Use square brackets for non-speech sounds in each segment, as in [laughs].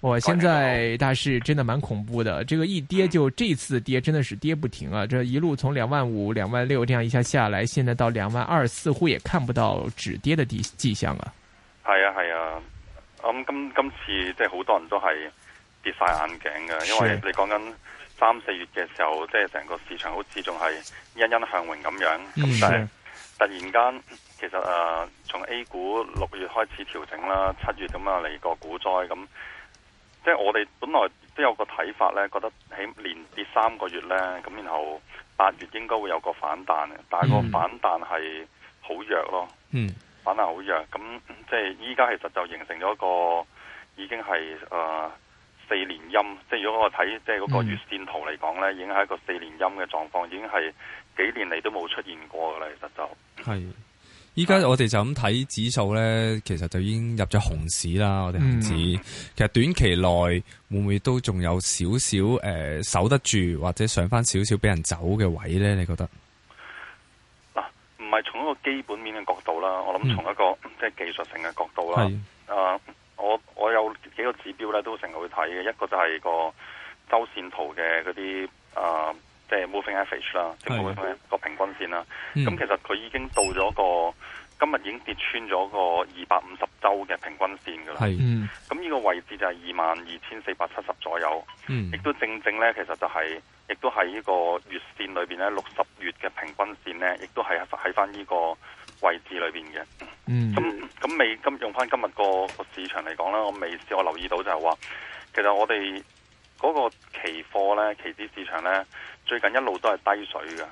我現在大市真的蠻恐怖的，這個一跌就這次跌真的是跌不停啊！嗯、這一路從兩萬五、兩萬六這樣一下下來，現在到兩萬二，似乎也看不到止跌的跡跡象啊！係啊係啊，咁、啊嗯、今今次即係好多人都係跌晒眼鏡嘅，因為你講緊三四月嘅時候，即係成個市場好似仲係欣欣向榮咁樣，咁、嗯、但係突然間其實誒、啊，從 A 股六月開始調整啦，七月咁啊嚟個股災咁。嗯即係我哋本來都有個睇法咧，覺得喺連跌三個月咧，咁然後八月應該會有個反彈嘅，但係個反彈係好弱咯、嗯，反彈好弱。咁即係依家其實就形成咗一個已經係誒、呃、四連陰。即係如果我睇即係嗰個月線圖嚟講咧，已經係一個四連陰嘅狀況，已經係幾年嚟都冇出現過啦。其實就係。依家我哋就咁睇指數咧，其實就已經入咗熊市啦。我哋恆指、嗯，其實短期內會唔會都仲有少少誒、呃、守得住，或者上翻少少俾人走嘅位咧？你覺得？嗱，唔係從一個基本面嘅角度啦，我諗從一個、嗯、即係技術性嘅角度啦。啊、呃，我我有幾個指標咧，都成日會睇嘅，一個就係個周線圖嘅嗰啲啊。呃即、就、係、是、moving average 啦，即係個平均線啦。咁其實佢已經到咗個今日已經跌穿咗個二百五十週嘅平均線噶啦。咁呢個位置就係二萬二千四百七十左右。亦、嗯、都正正咧，其實就係、是、亦都喺呢個月線裏面咧，六十月嘅平均線咧，亦都係喺翻呢個位置裏面嘅。咁、嗯、咁未今用翻今日個個市場嚟講啦，我未試我留意到就話、是，其實我哋嗰個期貨咧，期指市場咧。最近一路都係低水嘅，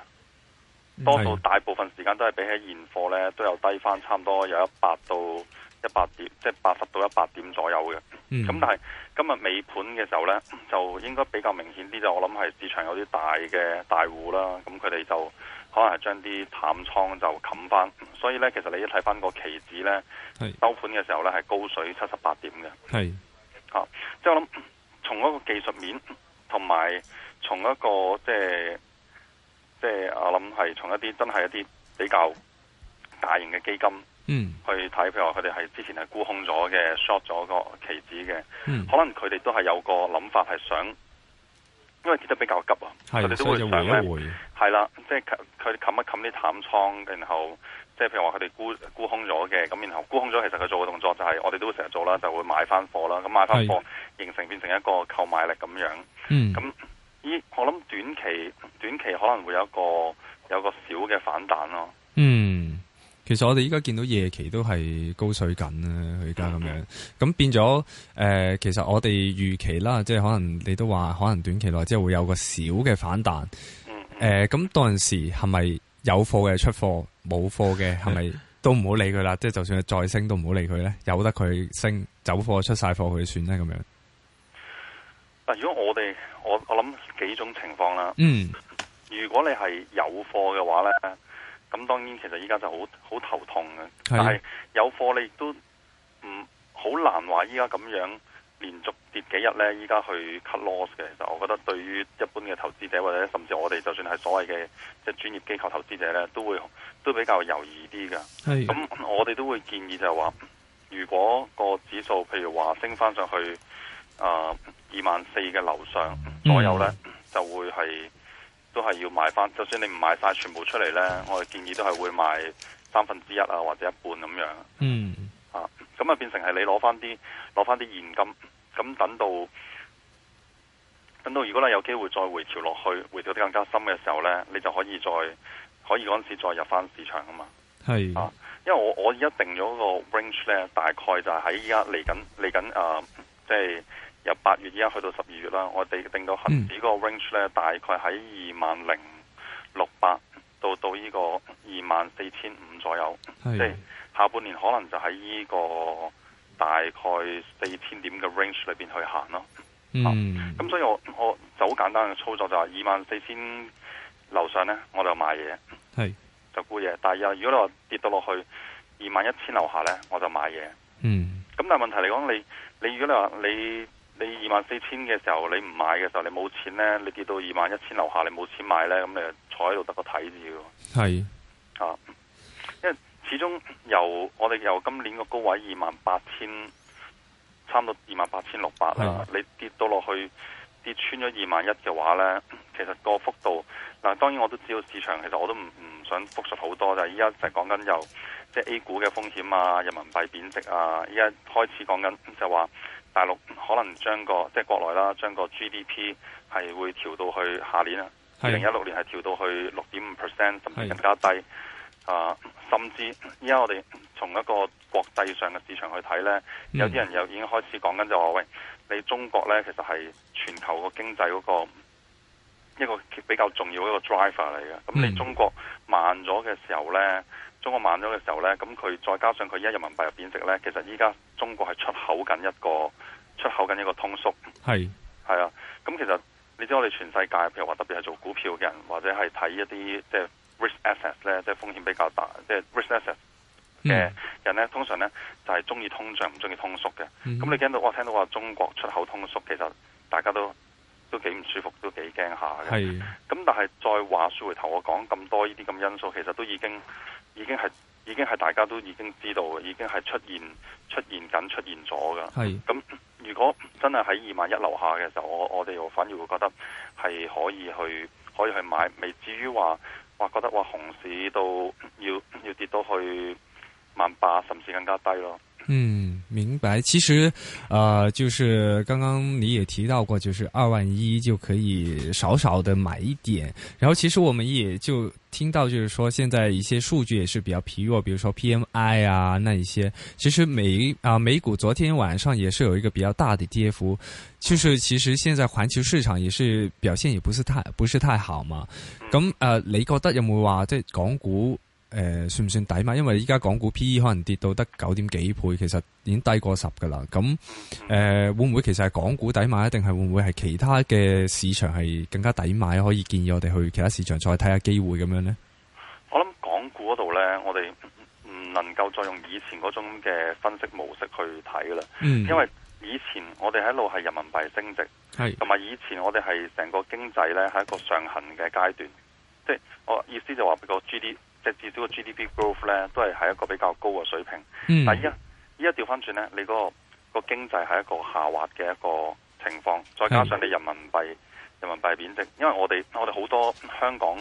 多數大部分時間都係比起現貨咧都有低翻，差唔多有一百到一百點，即係八十到一百點左右嘅。咁、嗯、但係今日尾盤嘅時候咧，就應該比較明顯啲，就我諗係市場有啲大嘅大戶啦，咁佢哋就可能係將啲淡倉就冚翻。所以咧，其實你一睇翻個期指咧，收盤嘅時候咧係高水七十八點嘅。係，嚇、啊，即係我諗從嗰個技術面同埋。還有從一個即係即係，我諗係從一啲真係一啲比較大型嘅基金、嗯、去睇，譬如話佢哋係之前係沽空咗嘅 short 咗個期指嘅、嗯，可能佢哋都係有個諗法係想，因為跌得比較急啊，佢哋都會想咧，係啦，即係佢哋冚一冚啲淡倉，然後即係譬如話佢哋沽沽空咗嘅，咁然後沽空咗，其實佢做嘅動作就係、是、我哋都會成日做啦，就會買翻貨啦，咁買翻貨形成變成一個購買力咁樣，咁、嗯。欸、我諗短期短期可能會有一個有一個小嘅反彈咯。嗯，其實我哋依家見到夜期都係高水緊啦、啊，佢而家咁樣，咁變咗誒、呃，其實我哋預期啦，即係可能你都話，可能短期內即係會有個小嘅反彈。誒、嗯嗯呃，咁到陣時係咪有貨嘅出貨，冇貨嘅係咪都唔好理佢啦？即係就算佢再升都，都唔好理佢咧。由得佢升，走貨出晒貨，佢算啦咁樣。如果我哋我我諗幾種情況啦。嗯，如果你係有貨嘅話呢，咁當然其實依家就好好頭痛嘅。但係有貨你亦都唔好難話依家咁樣連續跌幾日呢，依家去 cut loss 嘅。其實我覺得對於一般嘅投資者或者甚至我哋就算係所謂嘅即係專業機構投資者呢，都會都比較猶豫啲㗎。咁我哋都會建議就係話，如果個指數譬如話升翻上去。啊、uh，二萬四嘅樓上左右呢，mm. 就會係都係要賣翻。就算你唔賣晒全部出嚟，呢，我哋建議都係會賣三分之一啊，或者一半咁樣。嗯，啊，咁啊變成係你攞翻啲攞翻啲現金，咁等到等到如果你有機會再回調落去，回調得更加深嘅時候呢，你就可以再可以嗰陣時再入翻市場啊嘛。係啊，因為我我而家定咗個 range 呢，大概就係喺依家嚟緊嚟緊啊，即係。由八月依家去到十二月啦，我哋定到恒指個 range 咧，大概喺二萬零六百到到呢個二萬四千五左右，即、嗯、係、就是、下半年可能就喺呢個大概四千點嘅 range 裏邊去行咯。嗯、咁、啊、所以我我就好簡單嘅操作就係二萬四千樓上咧，我就買嘢，係就沽嘢。但係如果你話跌到落去二萬一千樓下咧，我就買嘢。嗯，咁但係問題嚟講，你你如果你話你你二萬四千嘅時候，你唔買嘅時候，你冇錢呢？你跌到二萬一千樓下，你冇錢買呢？咁你就坐喺度得個睇字嘅。係啊，因為始終由我哋由今年個高位二萬八千，差唔多二萬八千六百啦，你跌到落去跌穿咗二萬一嘅話呢，其實個幅度嗱，啊，當然我都知道市場，其實我都唔唔想復述好多，就係依家就講緊由即係 A 股嘅風險啊，人民幣貶值啊，依家開始講緊就話。是。大陸可能將個即係國內啦，將個 GDP 係會調到去下年啦，二零一六年係調到去六點五 percent 甚至更加低啊！甚至依家我哋從一個國際上嘅市場去睇呢，有啲人又已經開始講緊就話喂，你中國呢，其實係全球個經濟嗰個一個比較重要一個 driver 嚟嘅，咁你中國慢咗嘅時候呢。中國慢咗嘅時候呢，咁佢再加上佢依家人民幣入貶值呢，其實依家中國係出口緊一個出口緊一個通縮係係啊。咁其實你知我哋全世界，譬如話特別係做股票嘅人，或者係睇一啲即係 risk assets 咧，即係風險比較大，即係 risk assets 嘅人呢、嗯，通常呢就係中意通脹，唔中意通縮嘅。咁、嗯、你聽到我聽到話中國出口通縮，其實大家都都幾唔舒服，都幾驚下嘅。咁但係再話說回頭，我講咁多呢啲咁因素，其實都已經。已經係，已經係大家都已經知道已經係出現，出現緊，出現咗噶。係咁，如果真係喺二萬一樓下嘅時候我我哋又反而會覺得係可以去，可以去買，未至於話，哇，覺得哇，熊市到要要跌到去萬八，甚至更加低咯。嗯，明白。其實，誒、呃，就是剛剛你也提到過，就是二萬一就可以少少的買一點，然後其實我們也就。聽到就是說，現在一些數據也是比較疲弱，比如說 PMI 啊，那一些，其實美啊、呃、美股昨天晚上也是有一個比較大的跌幅，就是其實現在環球市場也是表現也不是太不是太好嘛，咁呃你覺得有冇話即係港股？誒，算唔算抵買？因為依家港股 P E 可能跌到得九點幾倍，其實已經低過十噶啦。咁誒、嗯呃，會唔會其實係港股抵買，定係會唔會係其他嘅市場係更加抵買？可以建議我哋去其他市場再睇下機會咁樣呢，我諗港股嗰度呢，我哋唔能夠再用以前嗰種嘅分析模式去睇啦、嗯。因為以前我哋喺度係人民幣升值，同埋以，以前我哋係成個經濟呢係一個上行嘅階段。即係我意思就話，個 G D 嘅至少個 GDP growth 咧，都係喺一個比較高嘅水平。嗯、但係依家依家調翻轉咧，你嗰、那個個經濟係一個下滑嘅一個情況，再加上你人民幣、嗯、人民幣貶值，因為我哋我哋好多香港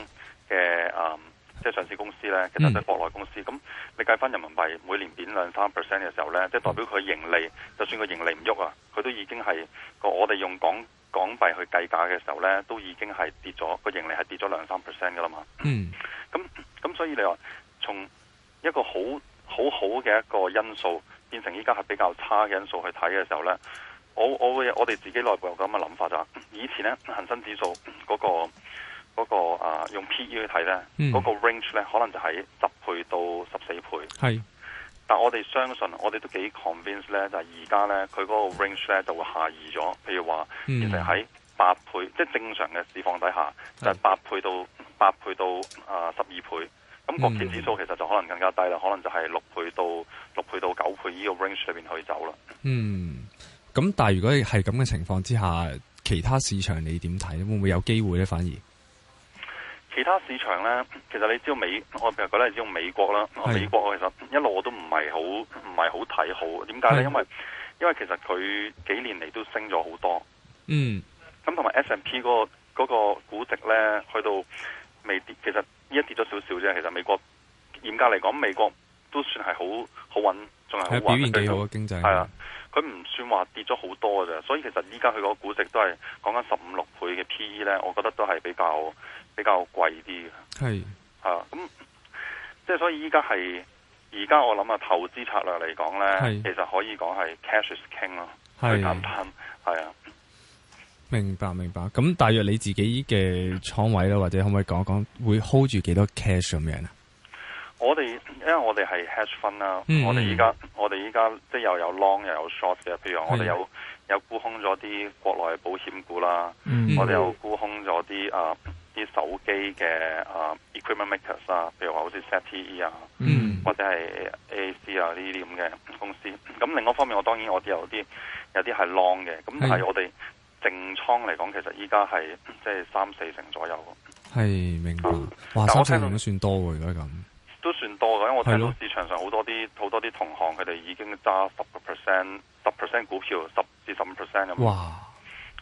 嘅誒、即、嗯、係、就是、上市公司咧，其實都係國內公司。咁、嗯、你計翻人民幣每年貶兩三 percent 嘅時候咧，即、就、係、是、代表佢盈利，嗯、就算個盈利唔喐啊，佢都已經係個我哋用港港幣去計價嘅時候咧，都已經係跌咗個盈利係跌咗兩三 percent 噶啦嘛。嗯所以你話從一個很很好好好嘅一個因素變成依家係比較差嘅因素去睇嘅時候呢，我我會我哋自己內部有咁嘅諗法就是，以前呢，恒生指數嗰、嗰個、嗰個啊用 P/E 去睇呢，嗰、嗯嗰個 range 呢可能就喺十倍到十四倍。係，但我哋相信我哋都幾 convince 呢，就係而家呢，佢嗰個 range 呢就會下移咗。譬如話、嗯、其實喺八倍，即、就、係、是、正常嘅市況底下就係、是、八倍到八倍到啊十二倍。咁國企指數其實就可能更加低啦、嗯，可能就係六倍到六倍到九倍呢個 range 裏邊去走啦。嗯，咁但係如果係咁嘅情況之下，其他市場你點睇？會唔會有機會呢？反而其他市場呢？其實你知道美，我其實覺得你知道美國啦，美國我其實一路我都唔係好唔係好睇好。點解呢？因為因為其實佢幾年嚟都升咗好多。嗯。咁同埋 S&P 嗰個估值呢，去到未跌，其實。依家跌咗少少啫，其實美國嚴格嚟講，美國都算係好好穩，仲係好穩嘅。係表現幾好嘅經濟。係啊，佢唔算話跌咗好多啫，所以其實依家佢個估值都係講緊十五六倍嘅 PE 咧，我覺得都係比較比較貴啲嘅。係啊，咁即係所以依家係而家我諗啊，投資策略嚟講咧，其實可以講係 cash is king 咯，最簡單係啊。明白明白，咁大約你自己嘅倉位咧，或者可唔可以講一講，會 hold 住幾多 cash 咁樣咧？我哋因為我哋係 hash 分啦，我哋依家我哋依家即係又有 long 又有 short 嘅，譬如我哋有的有沽空咗啲國內保險股啦，嗯、我哋有沽空咗啲誒啲手機嘅誒 equipment makers 啊，譬如話好似 sette 啊、嗯，或者係 A C 啊呢啲咁嘅公司。咁另外一方面，我當然有有我有啲有啲係 long 嘅，咁係我哋。定倉嚟講，其實依家係即係三四成左右。係明喎，哇、啊！三四成算多喎，如果咁都算多嘅，因為我睇到市場上好多啲好多啲同行佢哋已經揸十個 percent、十 percent 股票，十至十五 percent 咁。哇！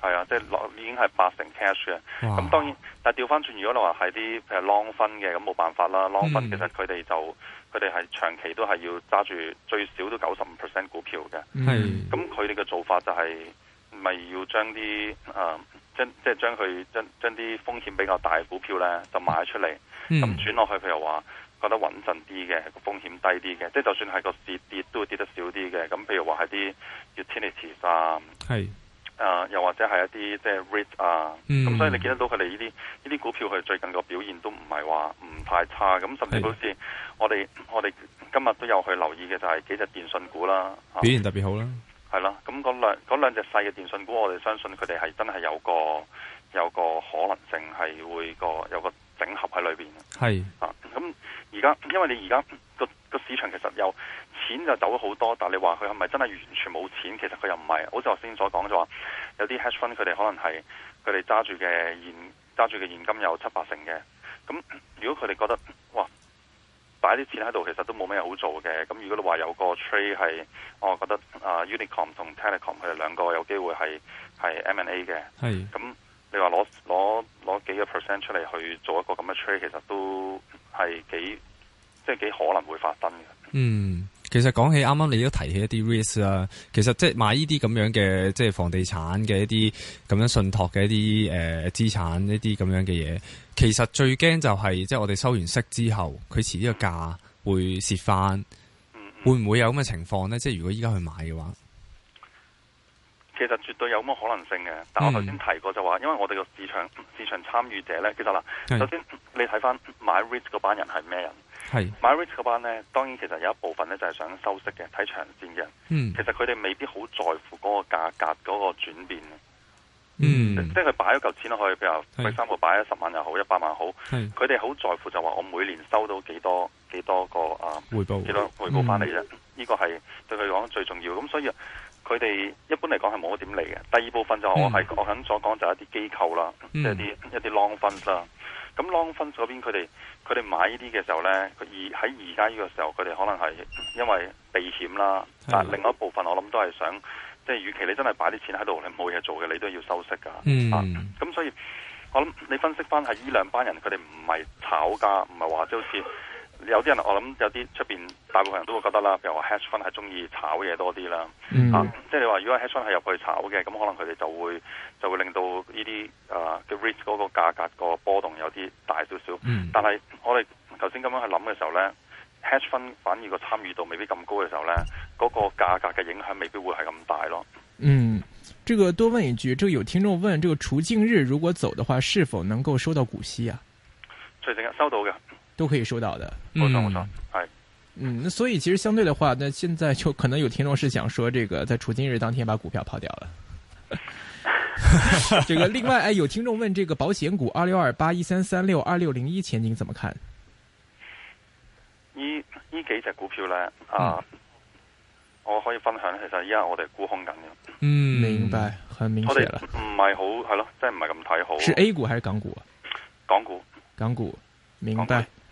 係啊，即係已經係八成 cash 嘅。咁當然，但係調翻轉，如果你話係啲譬如 long 分嘅，咁冇辦法啦。long、嗯、分其實佢哋就佢哋係長期都係要揸住最少都九十五 percent 股票嘅。係、嗯、咁，佢哋嘅做法就係、是。咪要將啲誒、呃，將即係將佢將將啲風險比較大嘅股票咧，就賣出嚟，咁、嗯、轉落去譬如話覺得穩陣啲嘅，風險低啲嘅，即係就算係個跌跌都會跌得少啲嘅。咁譬如話係啲 utilities 啊，係誒、呃，又或者係一啲即係 REIT 啊，咁、嗯、所以你見得到佢哋呢啲呢啲股票佢最近個表現都唔係話唔太差，咁甚至好似我哋我哋今日都有去留意嘅就係幾隻電信股啦，表現特別好啦。係咯，咁嗰兩隻兩隻細嘅電信股，我哋相信佢哋係真係有個有個可能性係會個有個整合喺裏邊嘅，係啊，咁而家因為你而家個個市場其實有錢就走咗好多，但係你話佢係咪真係完全冇錢？其實佢又唔係。好似我就先所講就話有啲 hedge fund 佢哋可能係佢哋揸住嘅現揸住嘅現金有七八成嘅。咁如果佢哋覺得哇！擺啲錢喺度其實都冇咩好做嘅，咁如果你話有個 trade 係，我覺得啊、uh, Unicom 同 Telecom 佢哋兩個有機會係係 M&A 嘅，係，咁你話攞攞攞幾個 percent 出嚟去做一個咁嘅 trade，其實都係幾即係、就是、幾可能會發生嘅。嗯。其實講起啱啱你都提起一啲 risk 啦，其實即係買呢啲咁樣嘅即係房地產嘅一啲咁樣信託嘅一啲誒資產一啲咁樣嘅嘢，其實最驚就係、是、即係我哋收完息之後，佢遲啲個價會蝕翻、嗯嗯，會唔會有咁嘅情況呢？即係如果依家去買嘅話，其實絕對有咁嘅可能性嘅。但我頭先提過就話，因為我哋個市場市場參與者咧，其實嗱、嗯，首先你睇翻買 risk 嗰班人係咩人？係買 REITs 嗰班咧，當然其實有一部分咧就係想收息嘅，睇長線嘅。嗯，其實佢哋未必好在乎嗰個價格嗰個轉變，嗯，即係佢擺咗嚿錢落去，譬如話買三戶擺咗十萬又好，一百萬好，佢哋好在乎就話我每年收到幾多幾多個啊回報，幾多回報翻嚟啫。呢、嗯這個係對佢講最重要。咁所以佢哋一般嚟講係冇一點嚟嘅。第二部分就我係、嗯、我肯所講就一啲機構啦，即係啲一啲 long fund 啦。咁 long fund 嗰邊佢哋佢哋買呢啲嘅時候呢，而喺而家呢個時候，佢哋可能係因為避險啦，嗯、但另外一部分我諗都係想，即係與其你真係擺啲錢喺度，你冇嘢做嘅，你都要收息㗎。咁、嗯啊、所以我諗你分析翻係呢兩班人，佢哋唔係炒價，唔係話即係好似。有啲人我諗有啲出邊大部分人都會覺得啦，譬如話 hedge fund 係中意炒嘢多啲啦，嗯，啊，即係你話如果 hedge fund 係入去炒嘅，咁可能佢哋就會就會令到呢啲誒嘅 rate 個價格個波動有啲大少少，嗯。但係我哋頭先咁樣去諗嘅時候咧，嗯、hedge fund 反而個參與度未必咁高嘅時候咧，嗰，那個價格嘅影響未必會係咁大咯。嗯，這個多問一句，這個，有聽眾問，這個除淨日如果走的話，是否能夠收到股息啊？除淨日收到嘅。都可以收到的，我拿我拿，哎，嗯，所以其實相對的話，那現在就可能有聽眾是想說，這個在除今日當天把股票拋掉了。 [laughs] [laughs] 這個另外，哎，有聽眾問這個保險股二六二八一三三六二六零一前景怎麼看？呢依幾隻股票呢啊？啊，我可以分享，其實依家我哋沽空緊嘅。嗯，明白，很明顯啦，唔係好係咯，真係唔係咁睇好。是 A 股還是港股啊？港股，港股，明白。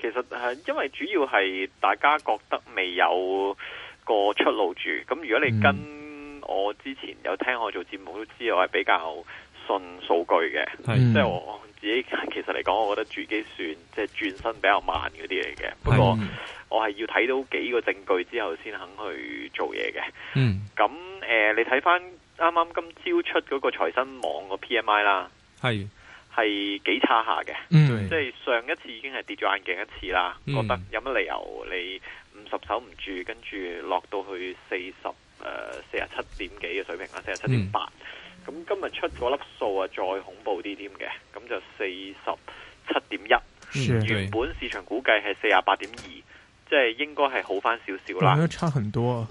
其實係因為主要係大家覺得未有個出路住，咁如果你跟我之前有聽我做節目都知，我係比較信數據嘅，即、嗯、係、就是、我自己其實嚟講，我覺得自己算即係轉身比較慢嗰啲嚟嘅。不過我係要睇到幾個證據之後先肯去做嘢嘅。咁、嗯、誒、呃，你睇翻啱啱今朝出嗰個財新網個 PMI 啦，係。係幾差下嘅，嗯，即係上一次已經係跌咗眼鏡一次啦。嗯，覺得有乜理由你五十守唔住？跟住落到去四十誒，四十七點幾嘅水平啦，四十七點八。咁今日出嗰粒數啊，再恐怖啲啲嘅，咁就四十七點一。原本市場估計係四十八點二，即係應該係好翻少少啦。差很多，啊，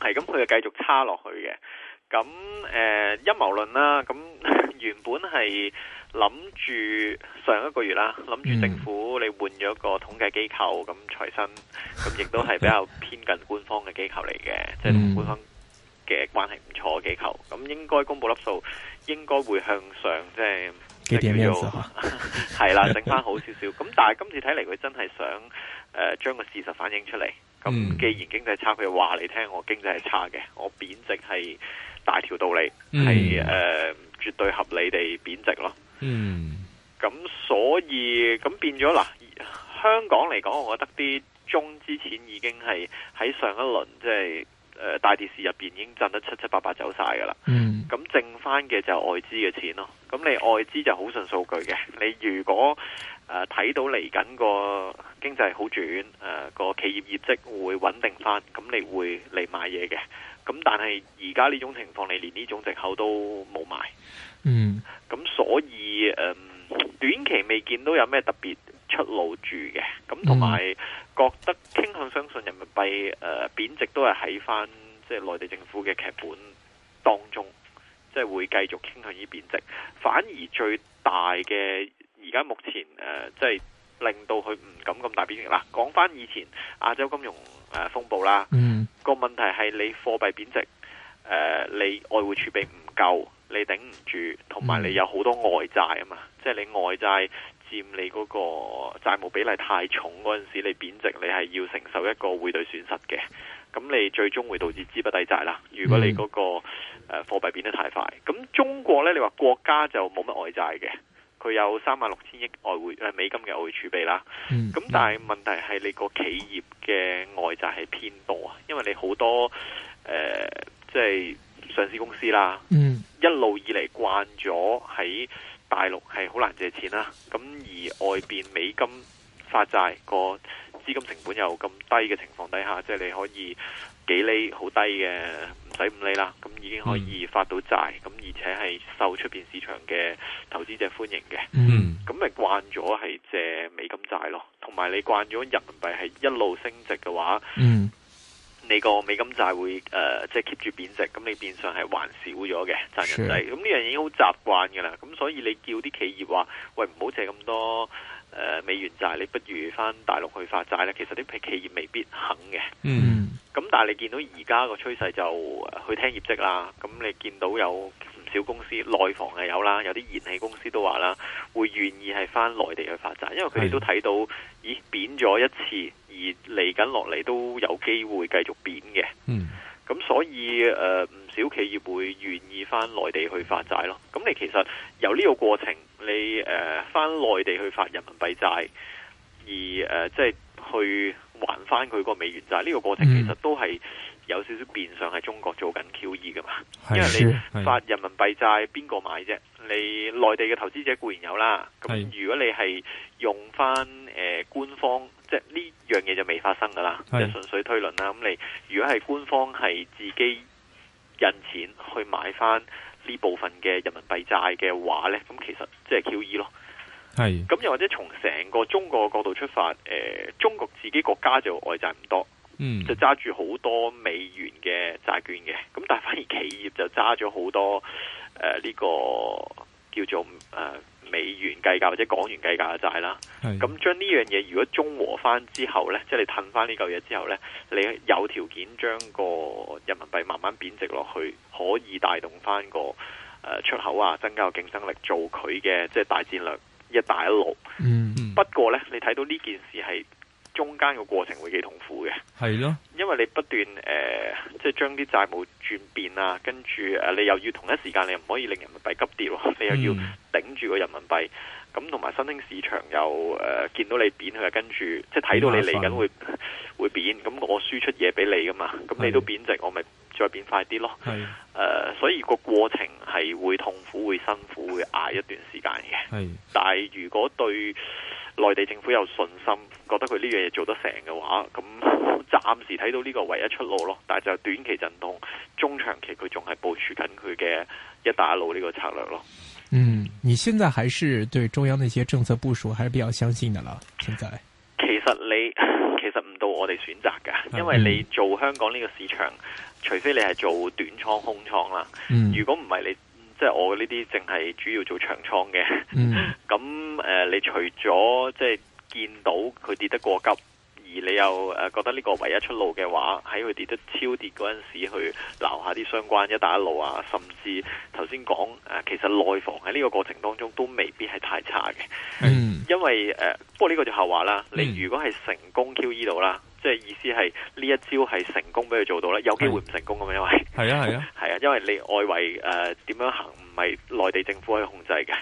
係咁佢就繼續差落去嘅。咁誒，陰謀論啦，咁原本係。諗住上一個月啦，諗住政府你換咗個統計機構，咁財新咁亦都係比較偏近官方嘅機構嚟嘅，即、嗯、係、就是、同官方嘅關係唔錯嘅機構，咁應該公布粒數應該會向上，即係係啦，整翻好少少。咁 [laughs] 但係今次睇嚟，佢真係想誒將個事實反映出嚟。咁既然經濟差，佢話你聽，我經濟係差嘅，我貶值係大條道理，係、嗯、誒、呃、絕對合理地貶值咯。嗯，咁所以咁變咗嗱，香港嚟講，我覺得啲中資錢已經係喺上一輪即係誒大跌市入邊已經賺得七七八八走晒噶啦。嗯，咁剩翻嘅就係外資嘅錢咯。咁你外資就好信數據嘅。你如果誒睇、呃、到嚟緊個經濟好轉，誒、呃、個企業業績會穩定翻，咁你會嚟買嘢嘅。咁但係而家呢種情況，你連呢種藉口都冇埋，嗯，咁所以誒短期未見到有咩特別出路住嘅，咁同埋覺得傾向相信人民幣誒貶值都係喺翻即係內地政府嘅劇本當中，即係會繼續傾向於貶值，反而最大嘅而家目前誒即係令到佢唔敢咁大貶值啦。講翻以前亞洲金融誒風暴啦、嗯。個問題係你貨幣貶值，誒、呃，你外匯儲備唔夠，你頂唔住，同埋你有好多外債啊嘛，即係你外債佔你嗰個債務比例太重嗰陣時，你貶值你係要承受一個匯兌損失嘅，咁你最終會導致資不抵債啦。如果你嗰個誒貨幣貶得太快，咁中國呢？你話國家就冇乜外債嘅。佢有三萬六千億外匯，誒、美金嘅外匯儲備啦，咁、嗯、但係問題係你個企業嘅外債係偏多啊，因為你好多誒即係上市公司啦，嗯、一路以嚟慣咗喺大陸係好難借錢啦，咁而外邊美金發債個資金成本又咁低嘅情況底下，即係你可以幾厘好低嘅。使唔理啦，咁已經可以發到債，咁、嗯、而且係受出邊市場嘅投資者歡迎嘅。嗯，咁咪慣咗係借美金債咯，同埋你慣咗人民幣係一路升值嘅話，嗯，你個美金債會誒、呃、即係 keep 住貶值，咁你變相係還少咗嘅賺人仔，咁呢樣已經好習慣噶啦。咁所以你叫啲企業話，喂，唔好借咁多誒、呃、美元債，你不如翻大陸去發債咧。其實啲企業未必肯嘅。嗯。咁但係你見到而家個趨勢就去聽業績啦，咁你見到有唔少公司內房係有啦，有啲燃氣公司都話啦，會願意係翻內地去發債，因為佢哋都睇到，咦，貶咗一次，而嚟緊落嚟都有機會繼續貶嘅。嗯，咁所以誒唔、呃、少企業會願意翻內地去發債咯。咁你其實由呢個過程，你誒翻內地去發人民幣債，而誒、呃、即係去。還翻佢個美元債呢、這個過程其實都係有少少變相係中國做緊 QE 噶嘛，因為你發人民幣債邊個買啫？你內地嘅投資者固然有啦，咁如果你係用翻誒、呃、官方，即係呢樣嘢就未發生噶啦，就純粹推論啦。咁你如果係官方係自己印錢去買翻呢部分嘅人民幣債嘅話呢，咁其實即係 QE 咯。係，咁又或者從成個中國嘅角度出發，誒、呃，中國自己國家就外債唔多，嗯，就揸住好多美元嘅債券嘅，咁但係反而企業就揸咗好多誒呢、呃這個叫做誒、呃、美元計價或者港元計價嘅債啦，咁將呢樣嘢如果中和翻之後咧，即係你褪翻呢嚿嘢之後咧，你有條件將個人民幣慢慢貶值落去，可以帶動翻個誒出口啊、呃，增加競爭力，做佢嘅即係大戰略。一帶一路，嗯，不過咧，你睇到呢件事係中間個過程會幾痛苦嘅，係咯，因為你不斷誒、呃，即係將啲債務轉變啊，跟住誒，你又要同一時間你又唔可以令人民幣急跌咯，你又要頂住個人民幣，咁同埋新興市場又誒、呃、見到你貶佢，跟住即係睇到你嚟緊會會貶，咁我輸出嘢俾你噶嘛，咁你都貶值，我咪。再變快啲咯、呃，所以個過程係會痛苦、會辛苦、會捱一段時間嘅。但係如果對內地政府有信心，覺得佢呢樣嘢做得成嘅話，咁暫時睇到呢個唯一出路咯。但係就短期震動，中長期佢仲係部署緊佢嘅一帶一路呢個策略咯。嗯，你現在還是對中央那一些政策部署，還是比較相信的啦，現在其實你其實唔到我哋選擇噶，因為你做香港呢個市場。嗯除非你係做短倉空倉啦、嗯，如果唔係你即係我呢啲，淨係主要做長倉嘅，咁、嗯、誒、 [laughs] 呃，你除咗即係見到佢跌得過急，而你又誒、呃、覺得呢個唯一出路嘅話，喺佢跌得超跌嗰陣時，去撈下啲相關一帶一路啊，甚至頭先講誒，其實內房喺呢個過程當中都未必係太差嘅、嗯，因為誒、呃，不過呢個就後話啦。你如果係成功 Q E 到啦。嗯即係意思係呢一招係成功俾佢做到啦，有機會唔成功咁樣、嗯，因為係啊係啊係啊，因為你外圍誒點、呃、樣行唔係內地政府可以控制嘅。咁、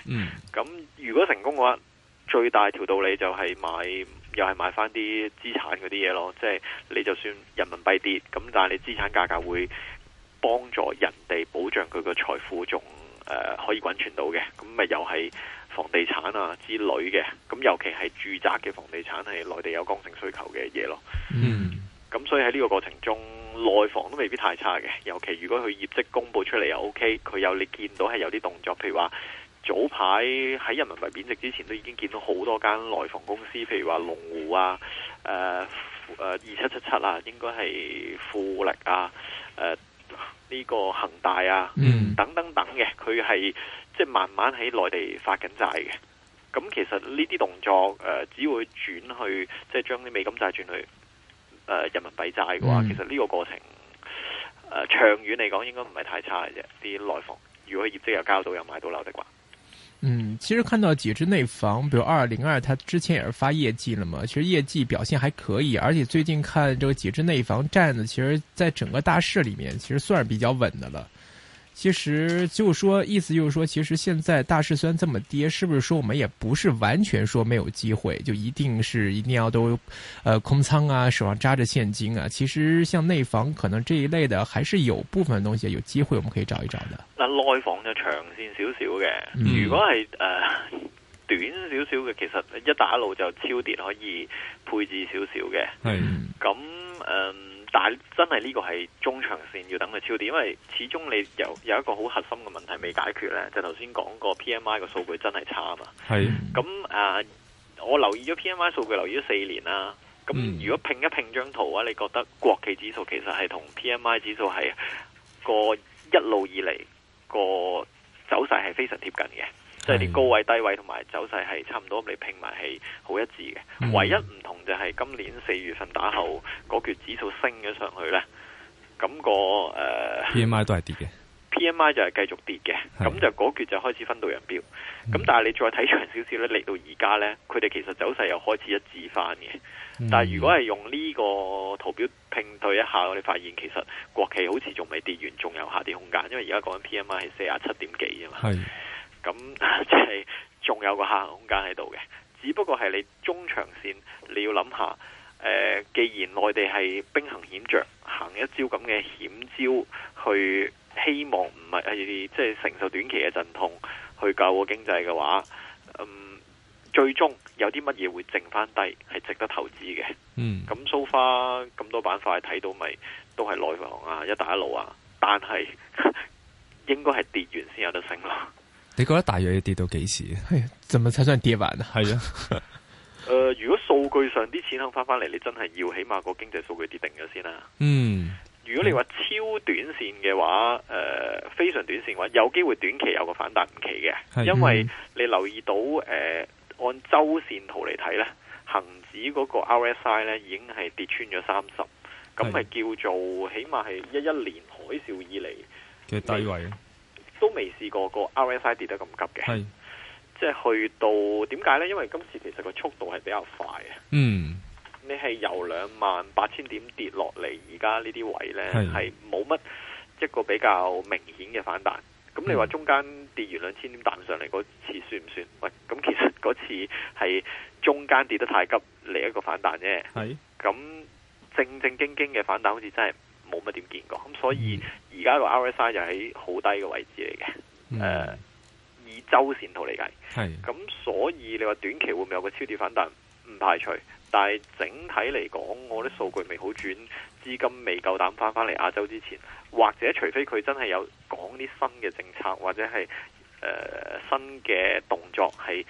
嗯、如果成功嘅話，最大條道理就係買又係買翻啲資產嗰啲嘢咯。即係你就算人民幣跌咁，但係你資產價格會幫助人哋保障佢個財富，仲誒可以滾存到嘅。咁咪又係。房地產啊之類嘅，咁尤其係住宅嘅房地產係內地有剛性需求嘅嘢咯。嗯，咁所以喺呢個過程中，內房都未必太差嘅，尤其如果佢業績公布出嚟，OK, 又 OK，佢有你見到係有啲動作，譬如話早排喺人民幣貶值之前都已經見到好多間內房公司，譬如話龍湖啊、誒、呃、誒，二七七七啊，應該係富力啊、誒、呃、呢、這個恆大啊，mm. 等等等嘅，佢係。即係慢慢喺內地發緊債嘅，咁其實呢啲動作誒、呃、只會轉去，即係將啲美金債轉去誒、呃、人民幣債嘅話，其實呢個過程誒、呃、長遠嚟講應該唔係太差嘅啫。啲內房如果業績又交到又買到樓得啩，嗯，其實看到幾支內房，比如二零二，他之前也是發業績了嘛，其實業績表現還可以，而且最近看這個幾支內房站子，其實在整個大市裏面其實算是比較穩的了其實就說意思就是說，其實現在大市雖然這麼跌，是不是說我們也不是完全說沒有機會？就一定是一定要都，呃，空倉啊，手上揸住現金啊。其實像內房可能這一類的，還是有部分東西有機會，我們可以找一找的。那，呃，內房就長線少少嘅，如果係呃短少少嘅，其實一打路就超跌可以配置少少嘅。係咁嗯，那，呃但真係呢個係中長線要等佢超跌，因為始終你有有一個好核心嘅問題未解決咧，就頭先講過 P M I 個數據真係差嘛。係。咁誒、呃，我留意咗 P M I 數據留意咗四年啦。咁如果拼一拼張圖啊，你覺得國企指數其實係同 P M I 指數係個一路以嚟個走勢係非常貼近嘅。即係啲高位低位同埋走勢係差唔多你平，你拼埋係好一致嘅，嗯。唯一唔同就係今年四月份打後，嗰、那、橛、個、指數升咗上去呢。咁、那個誒、呃、P M I 都係跌嘅。P M I 就係繼續跌嘅，咁就嗰橛就開始分道揚鑣。咁、嗯、但係你再睇長少少呢，嚟到而家呢，佢哋其實走勢又開始一致翻嘅，嗯。但係如果係用呢個圖表拼對一下，我哋發現其實國企好似仲未跌完，仲有下跌空間，因為 PMI 而家講緊 P M I 係四十七點幾啫嘛。咁即係仲有個下行空間喺度嘅，只不過係你中長線你要諗下，誒、呃，既然內地係兵行險着，行一招咁嘅險招去，希望唔係喺即係承受短期嘅陣痛，去救個經濟嘅話，嗯，最終有啲乜嘢會剩翻低，係值得投資嘅。嗯，咁蘇花咁多板塊睇到咪都係內房啊、一帶一路啊，但係 [laughs] 應該係跌完先有得升咯。你覺得大約要跌到幾時？就咪差上跌完係係啊。誒、 [laughs] 呃，如果數據上啲錢肯翻翻嚟，你真係要起碼個經濟數據跌定咗先啦、啊。嗯。如果你話超短線嘅話，誒、呃，非常短線嘅話，有機會短期有個反彈，唔奇嘅、嗯。因為你留意到，誒、呃，按周線圖嚟睇咧，恒指嗰個 RSI 咧已經係跌穿咗三十，咁係叫做起碼係一一年海嘯以嚟嘅低位。都未試過個 RSI 跌得咁急嘅，即係去到點解呢？因為今次其實個速度係比較快嘅。嗯，你係由兩萬八千點跌落嚟，而家呢啲位呢係冇乜一個比較明顯嘅反彈。咁你話中間跌完兩千點彈上嚟嗰次算唔算？喂，咁其實嗰次係中間跌得太急嚟一個反彈啫。係，咁正正經經嘅反彈好似真係。冇乜點見過，咁所以而家個 RSI 就喺好低嘅位置嚟嘅。誒、嗯，以周線圖嚟計，係咁，所以你話短期會唔會有個超跌反彈？唔排除，但係整體嚟講，我啲數據未好轉，資金未夠膽返返嚟亞洲之前，或者除非佢真係有講啲新嘅政策，或者係誒、呃、新嘅動作，係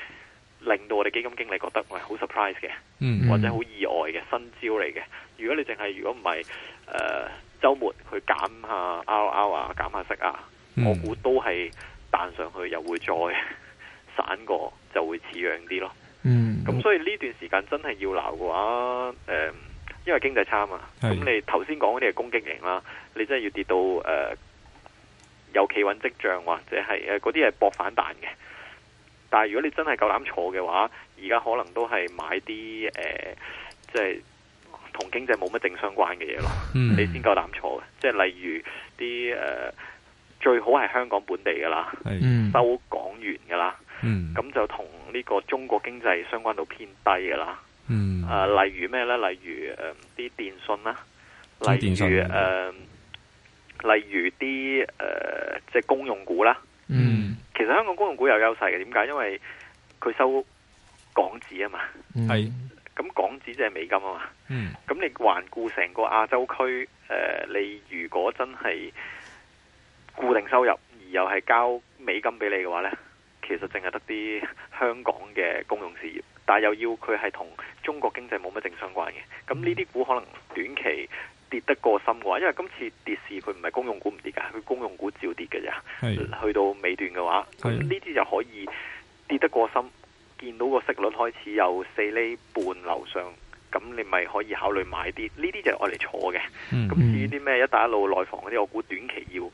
令到我哋基金經理覺得，喂好 surprise 嘅，嗯，或者好意外嘅新招嚟嘅。如果你淨係如果唔係誒。呃周末去減一下 RR 啊，減下息啊，我估都係彈上去又會再散過，就會似樣啲咯。咁、嗯、所以呢段時間真係要鬧嘅話，誒、呃，因為經濟差嘛。咁你頭先講嗰啲係攻擊型啦，你真係要跌到誒、呃、有企穩跡象或者係誒嗰啲係搏反彈嘅。但係如果你真係夠膽坐嘅話，而家可能都係買啲誒，即、呃、係。就是同經濟冇乜正相關嘅嘢咯，你先夠膽錯嘅，即係例如啲誒、呃、最好係香港本地噶啦，收港元噶啦，咁、嗯、就同呢個中國經濟相關度偏低噶啦。誒、嗯啊，例如咩呢？例如誒啲、呃、電信啦，例如誒，例如啲誒即係公用股啦。嗯，其實香港公用股有優勢嘅，點解？因為佢收港紙啊嘛，係。咁港紙即係美金啊嘛，咁、嗯、你環顧成個亞洲區，誒、呃，你如果真係固定收入，而又係交美金俾你嘅話咧，其實淨係得啲香港嘅公用事業，但係又要佢係同中國經濟冇乜正相關嘅，咁呢啲股可能短期跌得過深嘅話，因為今次跌市佢唔係公用股唔跌噶，佢公用股照跌嘅啫，去到尾段嘅話，咁呢啲就可以跌得過深。見到個息率開始有四厘半樓上，咁你咪可以考慮買啲，呢啲就係我嚟坐嘅。咁、嗯嗯、至於啲咩一帶一路內房嗰啲，我估短期要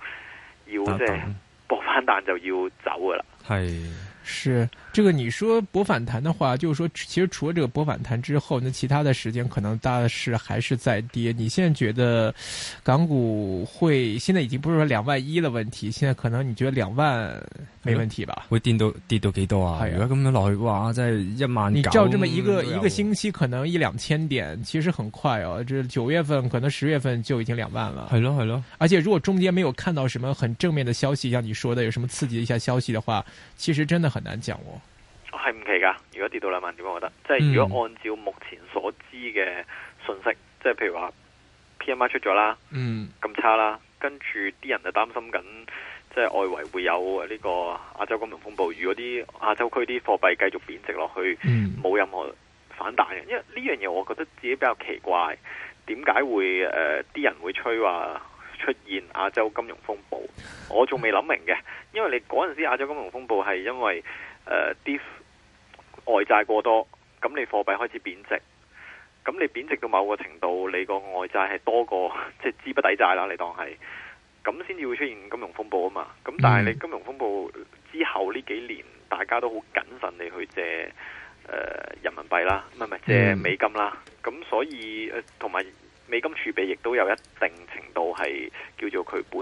要即係搏反彈就要走噶啦。係、嗯嗯、是，這個你說博反彈的話，就是說其實除了這個博反彈之後，那其他的時間可能大市還是在跌。你現在覺得港股會？現在已經不是說兩萬一的問題，現在可能你覺得兩萬。沒問題吧？會跌到跌到幾多啊？係啊如果咁樣落去，哇，真係一萬九。你照這麼一個、啊、一個星期，可能一兩千點，其實很快哦、啊。這、就、九、是、月份可能十月份就已經兩萬了。係咯，係咯。而且如果中間沒有看到什麼很正面的消息，像你說的，有什麼刺激一下消息的話，其實真的很難講我。我係唔奇噶，如果跌到兩萬點，我覺得，即、嗯、係如果按照目前所知嘅信息，即係譬如話 PMI 出咗啦，嗯這麼，咁差啦，跟住啲人就擔心緊。即係外圍會有呢、這個亞洲金融風暴，如果啲亞洲區啲貨幣繼續貶值落去，冇、嗯、任何反彈嘅。因為呢樣嘢，我覺得自己比較奇怪，點解會誒啲、呃、人會吹話出現亞洲金融風暴？我仲未諗明嘅。因為你嗰陣時亞洲金融風暴係因為誒啲、呃、外債過多，咁你貨幣開始貶值，咁你貶值到某個程度，你個外債係多過即係資不抵債啦，你當係。咁先至會出現金融風暴啊嘛，咁但係你金融風暴之後呢幾年，大家都好謹慎地去借誒、呃、人民幣啦，唔係唔係借美金啦，咁所以誒同埋美金儲備亦都有一定程度係叫做佢本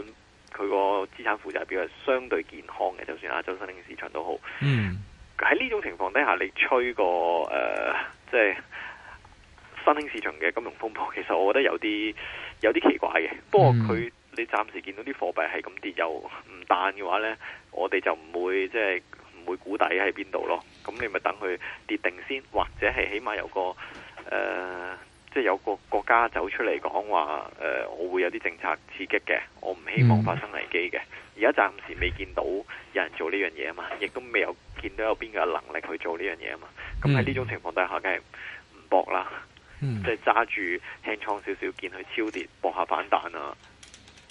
佢個資產負債表係相對健康嘅，就算亞洲新興市場都好。嗯，喺呢種情況底下，你吹個誒即係新興市場嘅金融風暴，其實我覺得有啲有啲奇怪嘅，不過佢。嗯你暫時見到啲貨幣係咁跌又唔彈嘅話呢，我哋就唔會即係唔會估底喺邊度咯。咁你咪等佢跌定先，或者係起碼有個誒、呃，即係有個國家走出嚟講話誒，我會有啲政策刺激嘅。我唔希望發生危機嘅。而家暫時未見到有人做呢樣嘢啊嘛，亦都未有見到有邊個能力去做呢樣嘢啊嘛。咁喺呢種情況底下，梗係唔搏啦。即係揸住輕倉少少，見佢超跌搏下反彈啊！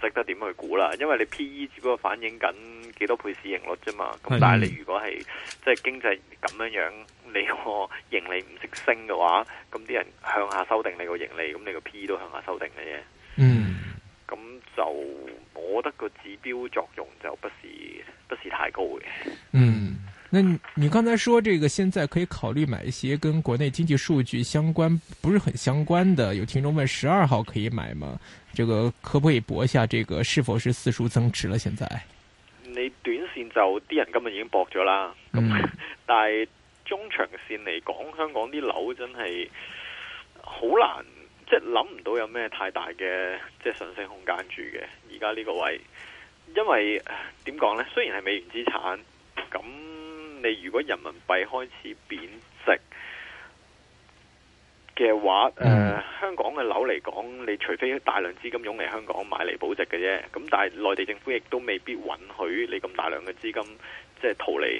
識得點去估啦，因為你 P E 只不過反映緊幾多倍市盈率啫嘛。咁但係你如果係、mm. 即係經濟咁樣樣，你個盈利唔識升嘅話，咁啲人向下修訂你個盈利，咁你個 P E 都向下修訂嘅啫。嗯，咁就我覺得個指標作用就不是不是太高嘅。嗯、mm.。那你剛才說這個現在可以考慮買一些跟國內經濟數據相關不是很相關的？有聽眾問十二號可以買嗎？這個可不可以博一下？這個是否是四叔增持了？現在你短線就啲人今日已經博咗啦，但係中長線嚟講，香港啲樓真係好難，即係諗唔到有咩太大嘅即係上升空間住嘅，而家呢個位，因為點講呢？雖然係美元資產咁。你如果人民幣開始貶值嘅話，誒、呃、香港嘅樓嚟講，你除非大量資金湧嚟香港買嚟保值嘅啫。咁但係內地政府亦都未必允許你咁大量嘅資金即係逃離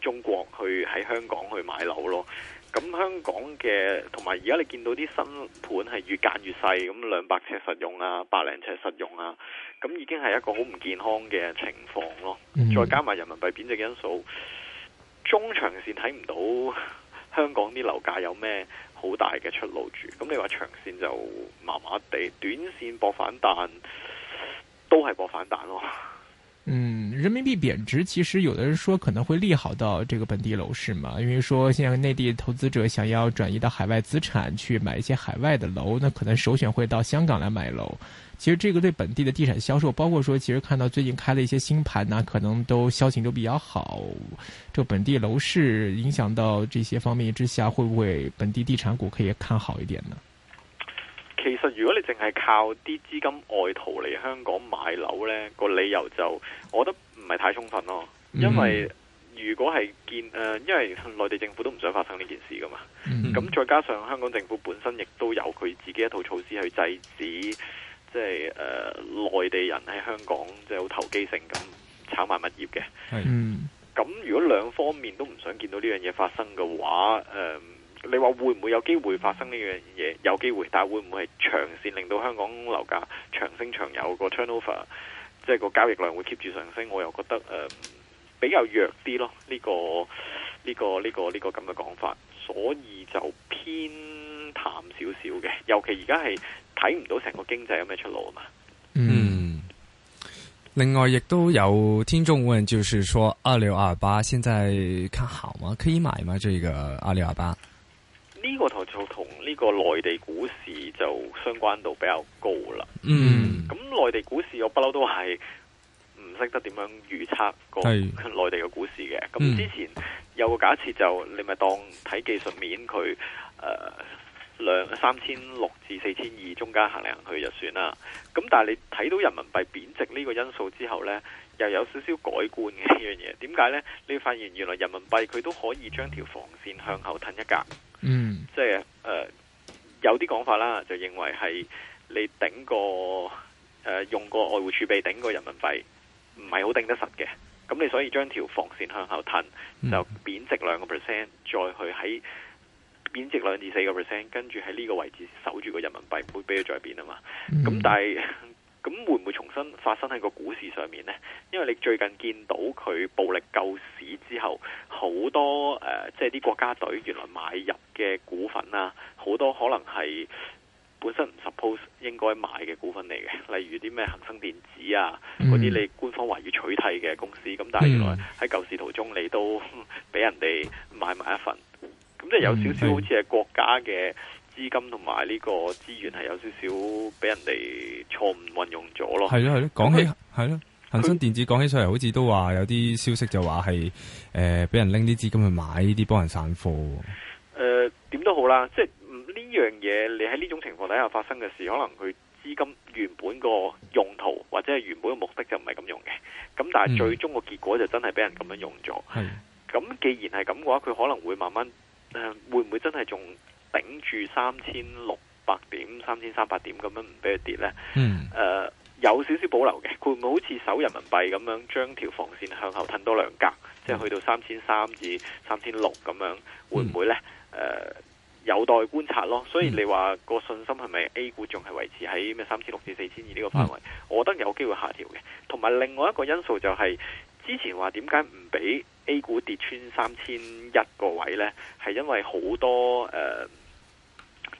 中國去喺香港去買樓咯。咁香港嘅同埋而家你見到啲新盤係越間越細，咁兩百尺實用啊，百零尺實用啊，咁已經係一個好唔健康嘅情況咯。再加埋人民幣貶值嘅因素。中長線睇唔到香港啲樓價有咩好大嘅出路住，咁你話長線就麻麻地，短線搏反彈都係搏反彈咯。嗯，人民幣貶值，其實有的人說可能會利好到這個本地樓市嘛，因為說現在內地投資者想要轉移到海外資產，去買一些海外的樓，那可能首選會到香港來買樓。其實這個對本地的地產銷售，包括說，其實看到最近開了一些新盤啊，可能都銷情都比較好。就本地樓市影響到這些方面之下，會不會本地地產股可以看好一點呢？其實如果你淨係靠啲資金外逃嚟香港買樓呢、呢個理由就我覺得唔係太充分咯。因為如果係見誒、呃，因為內地政府都唔想發生呢件事噶嘛。咁再加上香港政府本身亦都有佢自己一套措施去制止。即係誒，內地人喺香港即係好投機性咁炒埋物業嘅。咁如果兩方面都唔想見到呢樣嘢發生嘅話，誒、呃，你話會唔會有機會發生呢樣嘢？有機會，但係會唔會係長線令到香港樓價長升長有個 turnover，即係個交易量會 keep 住上升？我又覺得誒、呃、比較弱啲咯，呢個呢個呢個呢個咁嘅講法，所以就偏淡少少嘅。尤其而家係。睇唔到成個經濟有咩出路啊嘛？嗯，另外亦都有聽眾問，就是說阿里巴巴現在看好嗎？可以買嗎？這個阿里巴巴呢個頭就同呢個內地股市就相關度比較高啦。嗯，咁內地股市我是不嬲都係唔識得點樣預測個內地嘅股市嘅。咁之前有個假設就、嗯、你咪當睇技術面佢誒。呃兩三千六至四千二中間行嚟行去就算啦。咁但係你睇到人民幣貶值呢個因素之後呢，又有少少改觀嘅呢樣嘢。點解呢？你發現原來人民幣佢都可以將條防線向後褪一格。嗯。即係、呃、有啲講法啦，就認為係你頂個、呃、用個外匯儲備頂個人民幣唔係好定得實嘅。咁你所以將條防線向後褪，就貶值兩個 percent 再去喺。貶值兩至四個 percent，跟住喺呢個位置守住個人民幣，嗯，唔會俾佢再變啊嘛。咁但係咁會唔會重新發生喺個股市上面呢？因為你最近見到佢暴力救市之後，好多，呃、即係啲國家隊原來買入嘅股份啊，好多可能係本身唔 suppose 應該買嘅股份嚟嘅，例如啲咩恒生電子啊，嗰啲你官方話要取締嘅公司，咁，嗯、但係原來喺救市途中，你都俾人哋買埋一份。咁即係有少少好似係國家嘅資金同埋呢個資源係有少少俾人哋錯誤運用咗咯。係咯，係咯，講起係咯，恒生電子講起上嚟好似都話有啲消息就話係誒俾人拎啲資金去買呢啲幫人散貨。誒點都好啦，即係呢樣嘢你喺呢種情況底下發生嘅事，可能佢資金原本個用途或者係原本嘅目的就唔係咁用嘅。咁但係最終個結果就真係俾人咁樣用咗。係。咁既然係咁嘅話，佢可能會慢慢。誒、呃，會唔會真係仲頂住三千六百點、三千三百點咁樣唔俾佢跌呢？誒、嗯呃，有少少保留嘅，會唔會好似守人民幣咁樣，將條防線向後褪多兩格，嗯、即係去到三千三至三千六咁樣，會唔會呢？誒、嗯呃，有待觀察咯。所以你話個信心係咪 A 股仲係維持喺咩三千六至四千二呢個範圍、嗯？我覺得有機會下調嘅。同埋另外一個因素就係之前話點解唔俾。A 股跌穿三千一個位呢，係因為好多誒，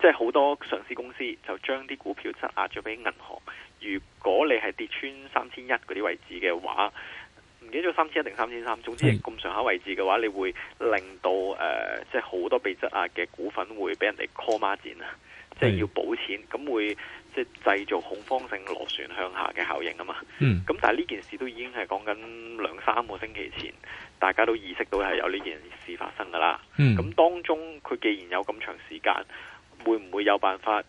即係好多上市公司就將啲股票質押咗俾銀行。如果你係跌穿三千一嗰啲位置嘅話，唔記得咗三千一定三千三，總之係咁上下位置嘅話，你會令到誒，即係好多被質押嘅股份會俾人哋 call 孖展啊，即係要補錢，咁會。即係製造恐慌性螺旋向下嘅效應啊嘛，咁、嗯、但係呢件事都已經係講緊兩三個星期前，大家都意識到係有呢件事發生噶啦。咁、嗯、當中佢既然有咁長時間，會唔會有辦法？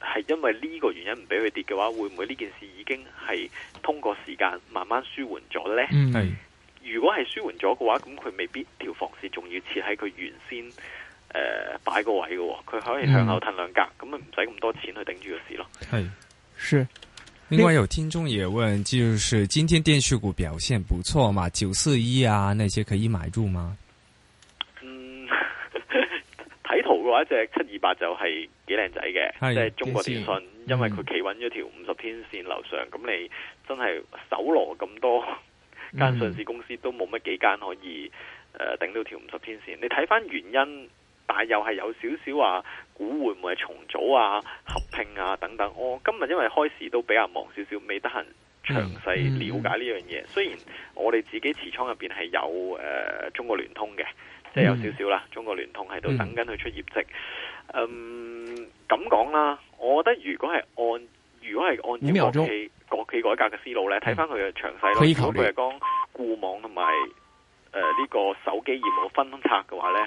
係因為呢個原因唔俾佢跌嘅話，會唔會呢件事已經係通過時間慢慢舒緩咗咧？係、嗯、如果係舒緩咗嘅話，咁佢未必條防線仲要設喺佢原先。誒、呃，擺個位嘅，佢可以向後褪兩格，咁咪唔使咁多錢去頂住個市咯。係，是。另外有聽眾也問，就是今天電信股表現不錯嘛，九四一啊，那些可以買入嗎？嗯，睇圖嘅話、哎，隻七二八就係幾靚仔嘅，即係中國電信，電信嗯、因為佢企穩咗條五十天線樓上，咁你真係搜羅咁多間、嗯、上市公司都冇乜幾間可以誒頂、呃、到條五十天線。你睇翻原因。但係又係有少少話股會唔會重組啊、合併啊等等。我、哦、今日因為開市都比較忙少少，未得閒詳細了解呢樣嘢。雖然我哋自己持倉入邊係有誒、呃、中國聯通嘅，即、嗯、係、就是、有少少啦。中國聯通喺度等緊佢出業績。嗯、咁、嗯、講啦，我覺得如果係按如果係按照國企、國企改革嘅思路呢，睇翻佢嘅詳細。佢講佢係講固網同埋誒呢個手機業務分拆嘅話呢。